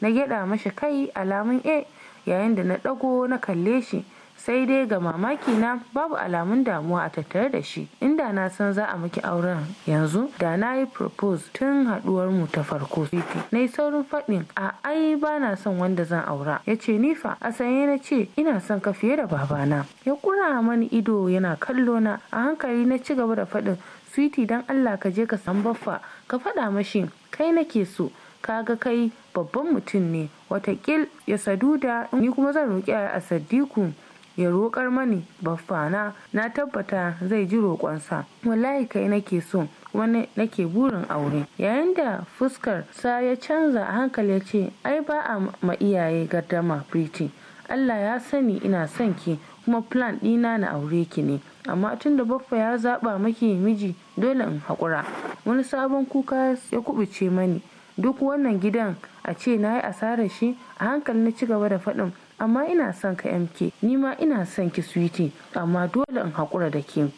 na gyada mashi kai alamun 'A' eh, yayin da na dago na kalle shi sai dai ga mamaki na babu alamun damuwa a tattare da shi inda na san za a miki auren yanzu da na yi propose tun haduwar mu ta farko fiti na yi saurin faɗin a ai ba na son wanda zan aura ya ce ni fa a sanye na ce ina son ka fiye da babana ya kura mani ido yana kallo na a hankali na ci gaba da faɗin switi dan allah ka je ka san baffa ka faɗa mashi kai nake so Ka ga kai babban mutum ne watakil ya saduda ni kuma zan roƙi a sadiku ya roƙar mani baffana na tabbata zai ji roƙonsa wallahi kai nake so wani nake burin aure yayin da fuskar sa ya canza a hankali ya ce ai ba a ma iyaye gardama briti allah ya sani ina son ki kuma plan ɗina na aure ki ne amma tun da baffa ya zaɓa maki miji dole in haƙura wani sabon kuka ya kubuce mani duk wannan gidan a ce na yi asarar shi a hankali na ci gaba da faɗin amma ina son ka mk ni ma ina son ki sweetie amma dole in haƙura da ke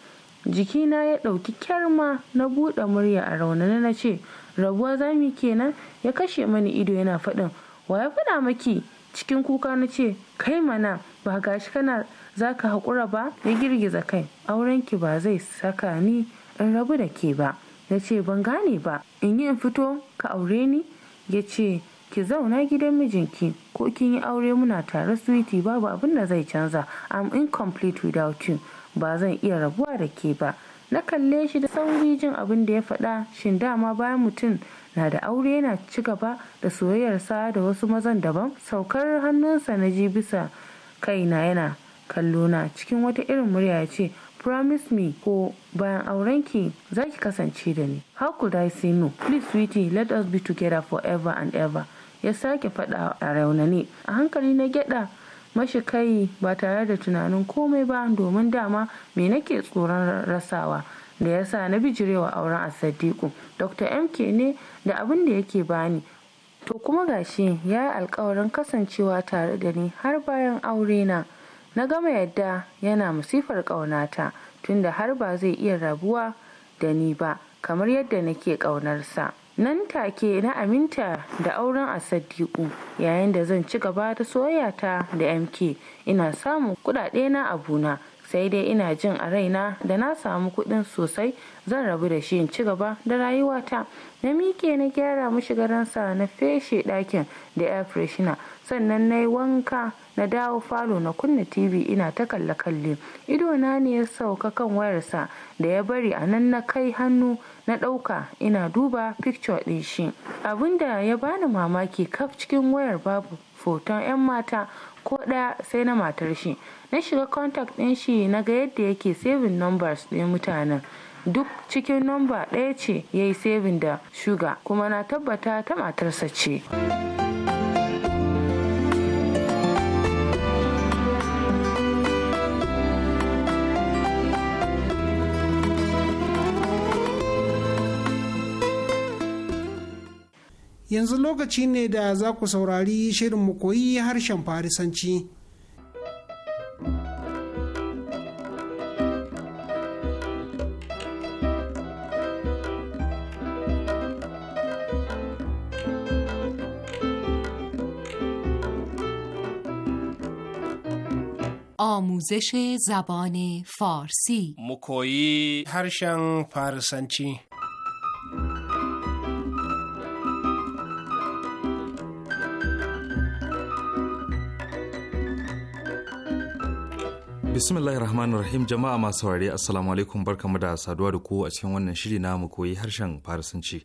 jikina ya ɗauki kyarma na buɗe murya a raunana na ce rabuwa zami kenan ya kashe mani ido yana faɗin wa ya faɗa maki cikin kuka na ce kai mana ba gashi kana za ka haƙura ba ya girgiza kai auren ki ba zai saka ni in rabu da ke ba na ce ban gane ba in yi in fito ka aure ni ya ce ki zauna gidan mijinki ko kin yi aure muna tare suiti? babu abin da zai canza am incomplete without you ba zan iya rabuwa da ke ba na kalle shi da sauri jin abin da ya faɗa shin dama bayan mutum na da aure yana ci gaba da soyayyarsa da wasu mazan daban saukar hannunsa na ji bisa kai na yana kallona cikin wata irin murya ya ce promise me ko bayan aurenki za ki kasance da ni how could i say no please sweetie let us be together forever and ever ya sake faɗa a raunane a hankali na gyada mashi kai ba tare da tunanin komai ba domin dama me nake tsoron rasawa da ya sa na bijirewa auren a asadiku dr mk ne da abin da yake bani to kuma gashi ya yi alkawarin kasancewa tare da ni har bayan aure na na gama yadda yana musifar ƙaunata tunda har ba zai iya rabuwa da ni ba kamar yadda nake ƙaunarsa nan take na aminta da auren a sadiku yayin da zan ci gaba da soyata da mk ina samun kudade na abuna sai dai ina jin a raina da na samu kudin sosai zan rabu da shi in ci gaba da rayuwata na miƙe na gyara mashigaransa na feshe ɗakin da air freshener sannan na yi wanka na dawo falo na kunna tv ina ta kalle kalle idona ne ya sauka kan wayarsa da ya bari a nan na kai hannu na ɗauka ina duba picture ɗin shi abinda ya bani mamaki kaf cikin wayar babu foton 'yan mata ko ɗaya sai na matar shi na shiga contact ɗin shi na ga yadda yake saving numbers ɗin mutanen duk cikin nomba ɗaya ce ya yi saving da shuga kuma na tabbata ta matarsa ce. yanzu lokaci ne da za ku saurari shirin mu koyi harshen farisanci. آموزش زبان فارسی مکویی هرشن فارسنچی bismillahir rahmanir rahim jama'a masu saurari assalamu alaikum barkamu da saduwa da ku a cikin wannan shiri na mu koyi harshen farisanci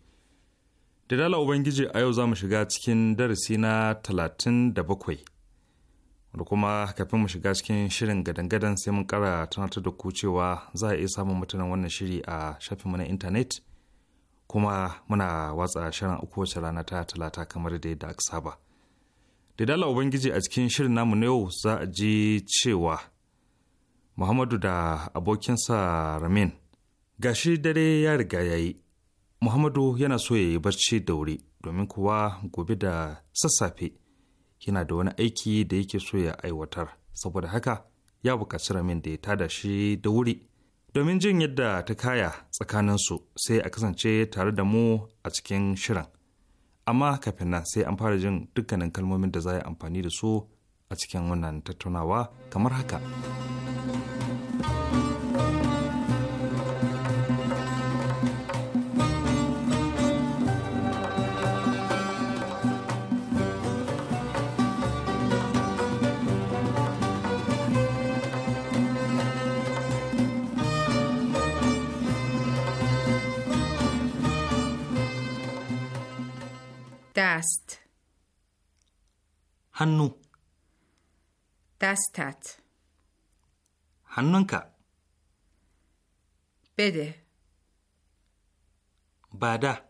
da dala ubangiji a yau za mu shiga cikin darasi na talatin da bakwai da kuma kafin mu shiga cikin shirin gadangadan sai mun kara tunatar da ku cewa za a iya samun mutanen wannan shiri a shafinmu na intanet kuma muna watsa shirin uku wace rana ta talata kamar da yadda aka saba da dala ubangiji a cikin shirin namu na yau za a ji cewa muhammadu da abokinsa ramin gashi dare ya riga ya yi muhammadu yana so ya yi barci da wuri domin kuwa gobe da sassafe yana da wani aiki da yake so ya aiwatar saboda haka ya buƙaci ramin da ya tada shi da wuri domin jin yadda ta kaya tsakaninsu sai a kasance tare da mu a cikin shirin amma kafin nan sai an fara jin dukkanin kalmomin da za a yi amfani da su a cikin wannan tattaunawa kamar haka. دست Hannu. دستت هنونکا بده بعدا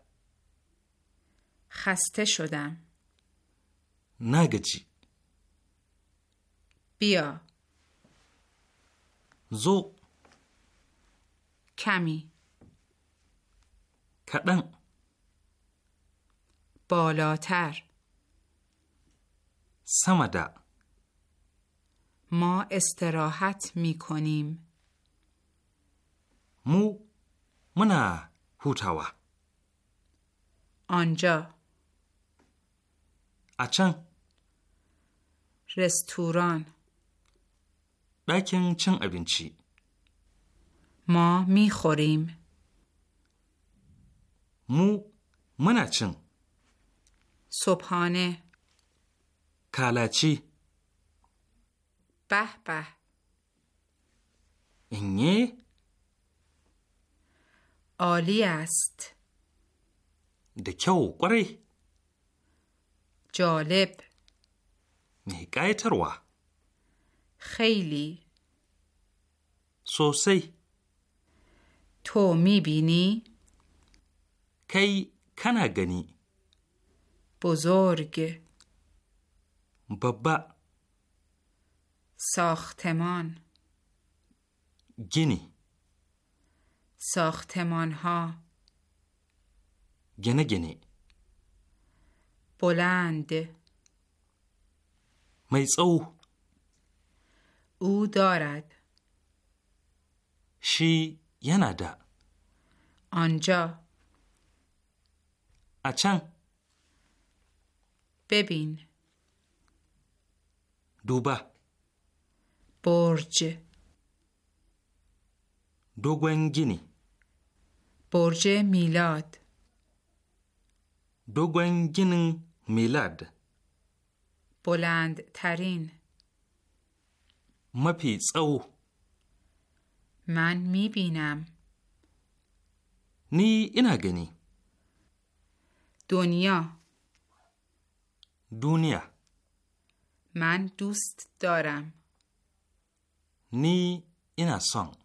خسته شدم نگجی بیا زو کمی کدن بالاتر سمده ما استراحت می کنیم. مو منا هوتاوا آنجا اچن رستوران بکن چن ابینچی ما می خوریم مو منا چن صبحانه کالاچی به به اینی؟ عالی است دکه او جالب نهگای تروا خیلی سوسی تو میبینی؟ کی کنگنی بزرگ ببا ساختمان گینی ساختمان ها گنه گنی بلند میزو او دارد شی یندا آنجا اچن ببین دوبه برج دوگونگینی برج میلاد دوگونگین میلاد بلندترین مپیز او من میبینم نی اینا گنی. دنیا دنیا من دوست دارم نی اینا سان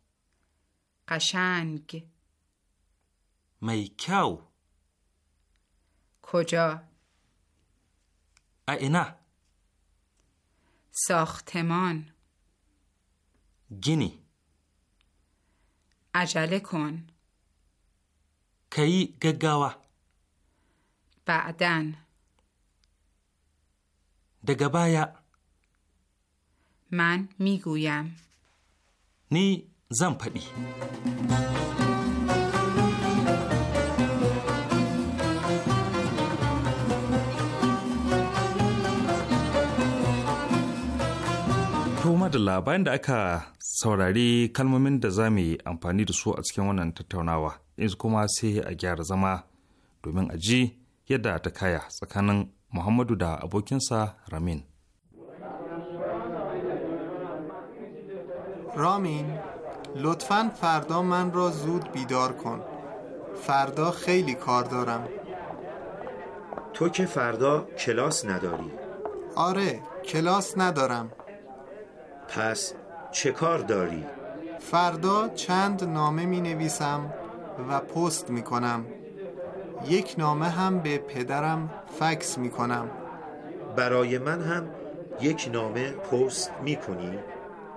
قشنگ میکاو کجا اینا ساختمان گینی عجله کن کی گگاوه بعدن دگبایا من میگویم ni zan faɗi. To da bayan da aka saurari kalmomin da za mu yi amfani da su a cikin wannan tattaunawa yanzu kuma sai a gyara zama domin a ji yadda ta kaya tsakanin Muhammadu da abokinsa Ramin. رامین لطفا فردا من را زود بیدار کن فردا خیلی کار دارم تو که فردا کلاس نداری آره کلاس ندارم پس چه کار داری؟ فردا چند نامه می نویسم و پست می کنم یک نامه هم به پدرم فکس می کنم برای من هم یک نامه پست می کنی؟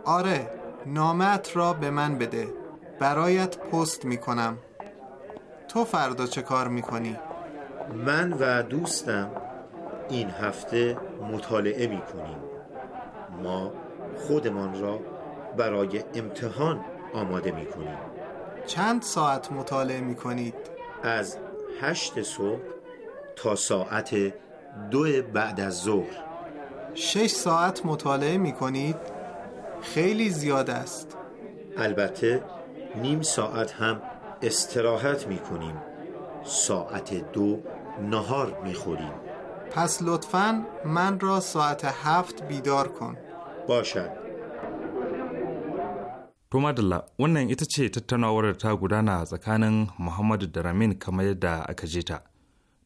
آره نامت را به من بده برایت پست می کنم تو فردا چه کار می کنی؟ من و دوستم این هفته مطالعه می کنیم ما خودمان را برای امتحان آماده می کنیم چند ساعت مطالعه می کنید؟ از هشت صبح تا ساعت دو بعد از ظهر شش ساعت مطالعه می کنید؟ خیلی زیاد است البته نیم ساعت هم استراحت می کنیم ساعت دو نهار می خوریم پس لطفا من را ساعت هفت بیدار کن باشد To madalla wannan ita ce tattaunawar ta gudana tsakanin Muhammadu da Ramin kamar yadda aka je ta.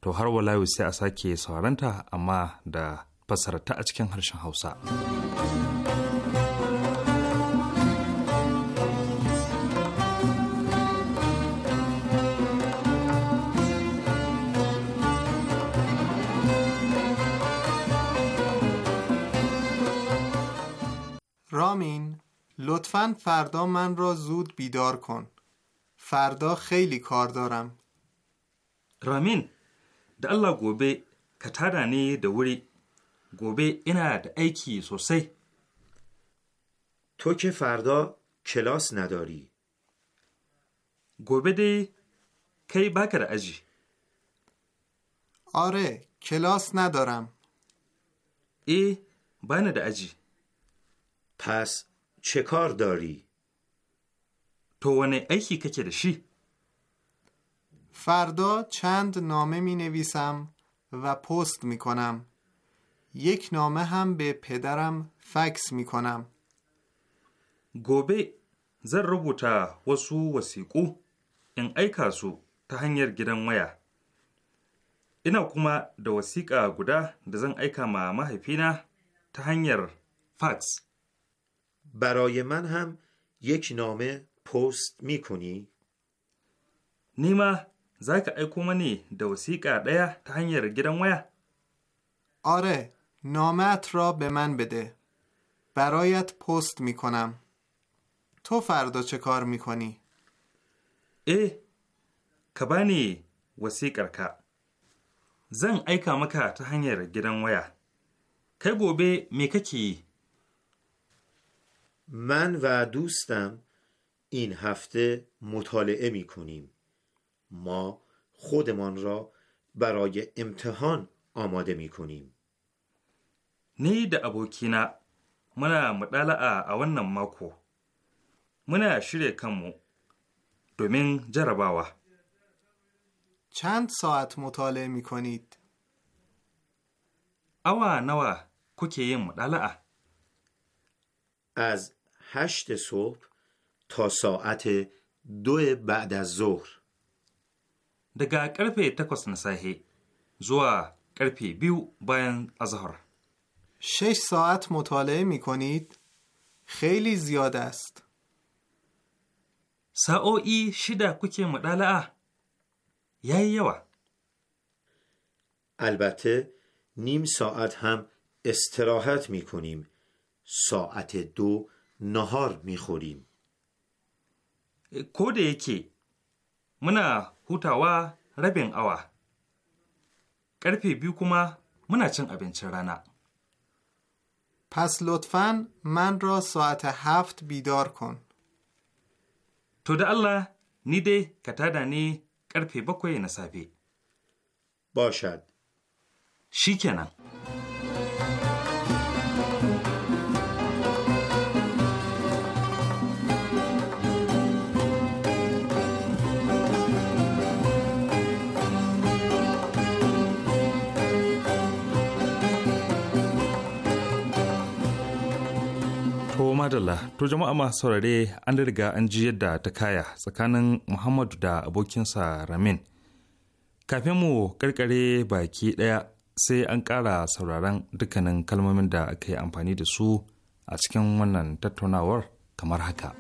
To har walayu sai a sake sauranta amma da fasarta a cikin harshen Hausa. رامین لطفا فردا من را زود بیدار کن فردا خیلی کار دارم رامین د گوبه گوبه ka دوری. گوبه وری گوبه ایکی د سه. تو که فردا کلاس نداری گوبه دی کی بکر اجی آره کلاس ندارم ای بانه اجی پس چه کار داری؟ تو ونه ایکی که کرشی؟ فردا چند نامه می نویسم و پست می کنم یک نامه هم به پدرم فکس می کنم گوبه زن ربوتا وسو وسیقو in aika su ta hanyar gidan waya. Ina kuma da wasiƙa guda da zan aika ma mahaifina ta hanyar fax. برای من هم یک نامه پست میکنی؟ نیما زاک ایکو منی دا وسیقه آره نامت را به من بده برایت پست میکنم. تو فردا چه کار میکنی؟ کنی؟ ای کبانی وسیقر که زن ایکا مکا تا هنگر گیرن ویا که گوبه می ککی من و دوستم این هفته مطالعه می کنیم ما خودمان را برای امتحان آماده می کنیم نی ابو ابوکینا منا مطالعه ا wannan منا muna کمو دومین جرباوا چند ساعت مطالعه می کنید؟ awa nawa یم yin از هشت صبح تا ساعت دو بعد از ظهر دگه کرپه تکوس نساهی زوا کرپه بیو باین از شش ساعت مطالعه می کنید خیلی زیاد است ای شیده کوکه مطالعه یا یوا البته نیم ساعت هم استراحت می کنیم ساعت دو nahar mikhorim. Kode yake muna hutawa rabin awa, karfe biyu kuma muna cin abincin rana. Pas lotfan man ro haft bidar kun. To da Allah ni dai ka tada ne karfe bakwai na safe. Boshad. Shikenan. Shi kenan. madalla to jama'a masu saurare an riga an ji yadda ta kaya tsakanin muhammadu da abokinsa ramin kafin mu karkare baki daya sai an kara sauraron dukkanin kalmomin da aka yi amfani da su a cikin wannan tattaunawar kamar haka.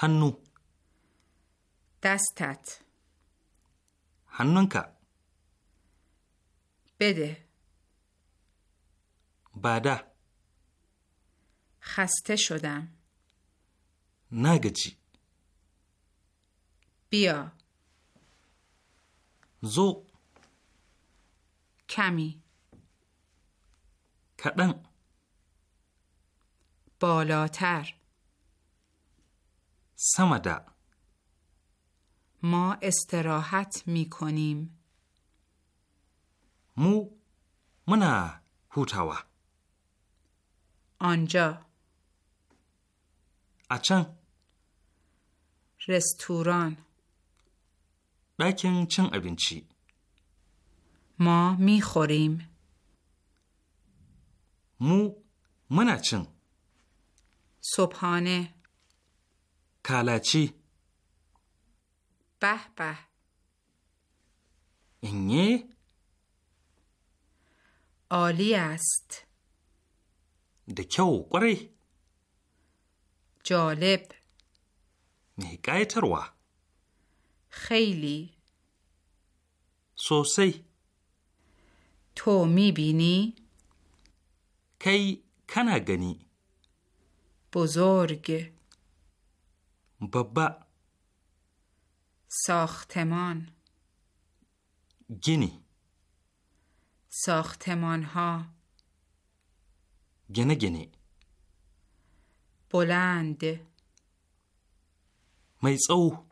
هنو دستت هنونکا بده بادا خسته شدم نگجی بیا زو کمی کدن بالاتر سمده ما استراحت می کنیم مو منا هوتاوا آنجا اچن رستوران دکن چن ابینچی ما می خوریم مو منا چن صبحانه کالاچی، به به اینی عالی است دکه و جالب نهگای تروا خیلی سوسی تو میبینی؟ کی کنگنی بزرگ بابا، ساختمان گینی ساختمان ها گنه گنی بلند میز او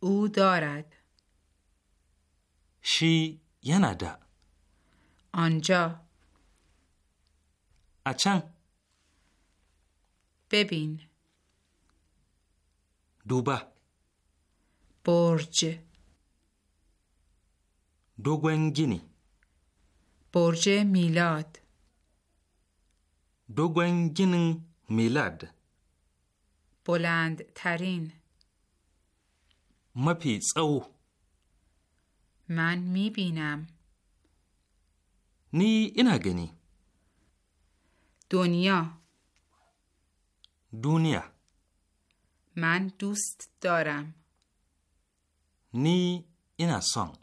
او دارد شی یه آنجا اچن ببین دوبه برج دوگون برج میلاد دوگون گینن میلاد بلندترین مپیس او من میبینم نی اینا گنی دنیا دنیا من دوست دارم نی اینا سان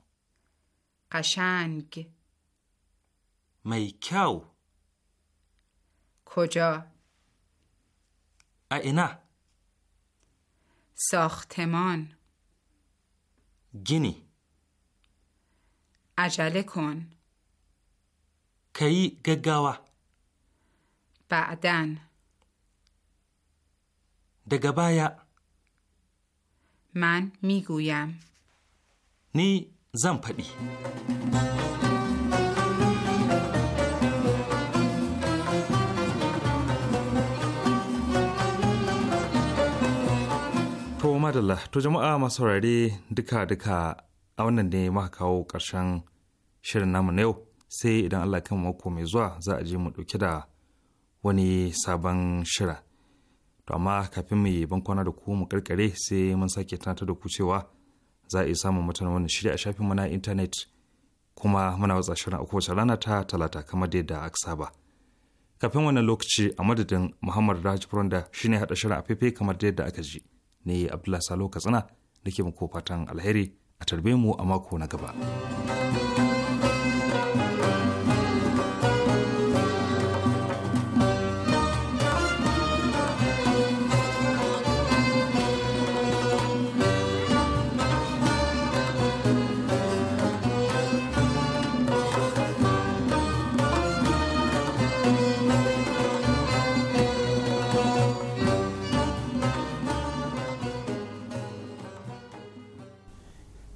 قشنگ میکاو کجا اینا ساختمان گینی عجله کن کی گگاوه بعدن دگبایا من میگویم نی زن پدی To madalla to jama'a masu saurari duka-duka a wannan ne maka kawo ƙarshen shirin namu na yau sai idan Allah kan mako mai zuwa za a je mu ɗauki da wani sabon shirin. To amma kafin mu yi bankwana da ku mu karkare sai mun sake tunatar da ku cewa za a iya samun mutane wannan shirya a shafinmu na intanet kuma muna watsa shirin a kowace rana ta talata kamar da aka saba. Kafin wannan lokaci a madadin Muhammad raji da shi ne haɗa shirin a fefe kamar yadda aka ji ne Abdullah Salo Katsina da ke muku fatan alheri a tarbe mu a mako na gaba.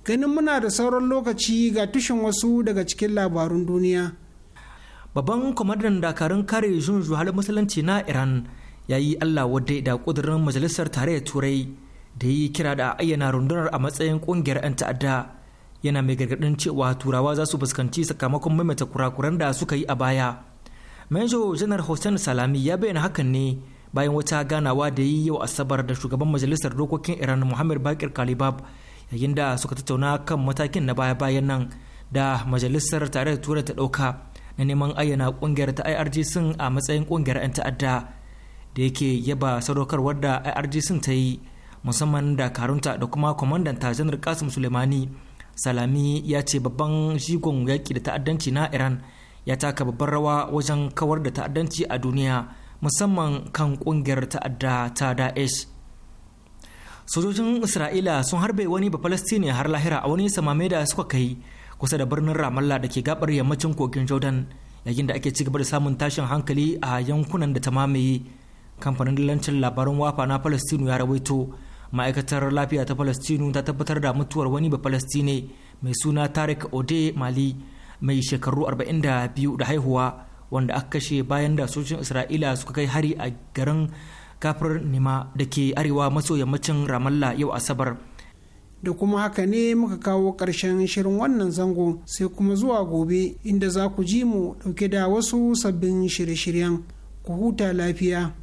ganin muna da sauran lokaci ga tushen wasu daga cikin labarun duniya babban kwamandan dakarun kare junju halin musulunci na iran ya yi allah wadda da kudurin majalisar tarayyar turai da yi kira da ayyana rundunar a matsayin kungiyar 'yan ta'adda yana mai gargaɗin cewa turawa za su fuskanci sakamakon maimaita kurakuran da suka yi a baya Major janar hussein salami ya bayyana hakan ne bayan wata ganawa da yi yau asabar da shugaban majalisar dokokin iran muhammad bakir kalibab yayin da suka tattauna kan matakin na baya-bayan nan da majalisar tare da turai ta ɗauka na neman ayyana ƙungiyar ta irgc a matsayin ƙungiyar 'yan ta'adda da yake yaba sadaukarwar da irgc ta yi musamman da karunta da kuma kwamandan ta janar kasim sulemani salami ya ce babban jigon yaƙi da ta'addanci na iran ya taka babbar rawa wajen kawar da ta'addanci a duniya musamman kan ƙungiyar ta'adda ta daesh sojojin isra'ila sun harbe wani bafalastini har lahira a wani samame da suka kai kusa da birnin ramallah da ke gabar yammacin kogin jordan yayin da ake cigaba da samun tashin hankali a yankunan da ta mamaye kamfanin dalancin labaran wafa na palestinu ya rawaito ma'aikatar lafiya ta palestinu ta tabbatar da mutuwar wani palestine mai suna tarik ode mali mai shekaru 42 da haihuwa wanda aka kashe bayan da sojojin isra'ila suka kai hari a garin kafar nema da ke arewa maso yammacin ramallah yau asabar da kuma haka ne muka kawo ƙarshen shirin wannan zango sai kuma zuwa gobe inda za ku ji mu ɗauke da wasu sabbin shirye-shiryen ku huta lafiya